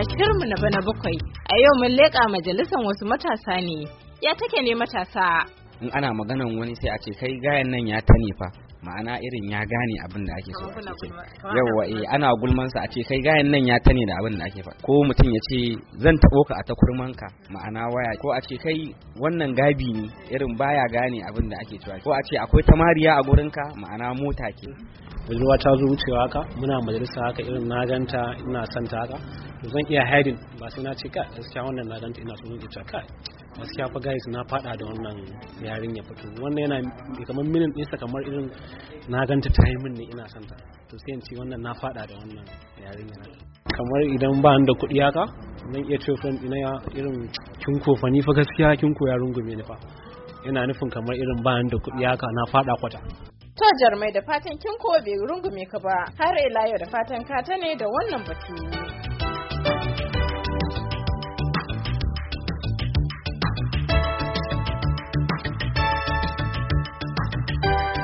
A shirinmu na bana bakwai, a yau mun leƙa majalisar wasu matasa ne, ya take ne matasa. In ana maganan wani sai a ce kai gayan nan ya ta fa, ma'ana irin ya gane abin da ake so a ce yawa eh ana gulman sa a ce kai gayan nan ya tane da abin da ake faɗa ko mutum ya ce zan tabo ka a takurman ka ma'ana waya ko a ce kai wannan gabi ne irin baya gane abin da ake cewa ko a ce akwai tamariya a gurin ka ma'ana mota ke budurwa ta zo wucewa haka muna majalisa haka irin na ganta ina son ta haka zan iya haidin ba sai na ce ka gaskiya wannan na ganta ina so zan ce ka gaskiya fa guys na fada da wannan yarinya fito wannan yana kamar minin ɗinsa kamar irin na ganta ta yi min ne ina santa. to sai in ce wannan na fada da wannan yarinya na kamar idan ba da kuɗi haka zan iya ce friend ina irin kin ko fa ni fa gaskiya kin ko ya rungume ni fa yana nufin kamar irin ba da kuɗi haka na fada kwata To jarmai da fatan kin ko bai rungume ka ba har ila yau da fatan ka ta ne da wannan batu.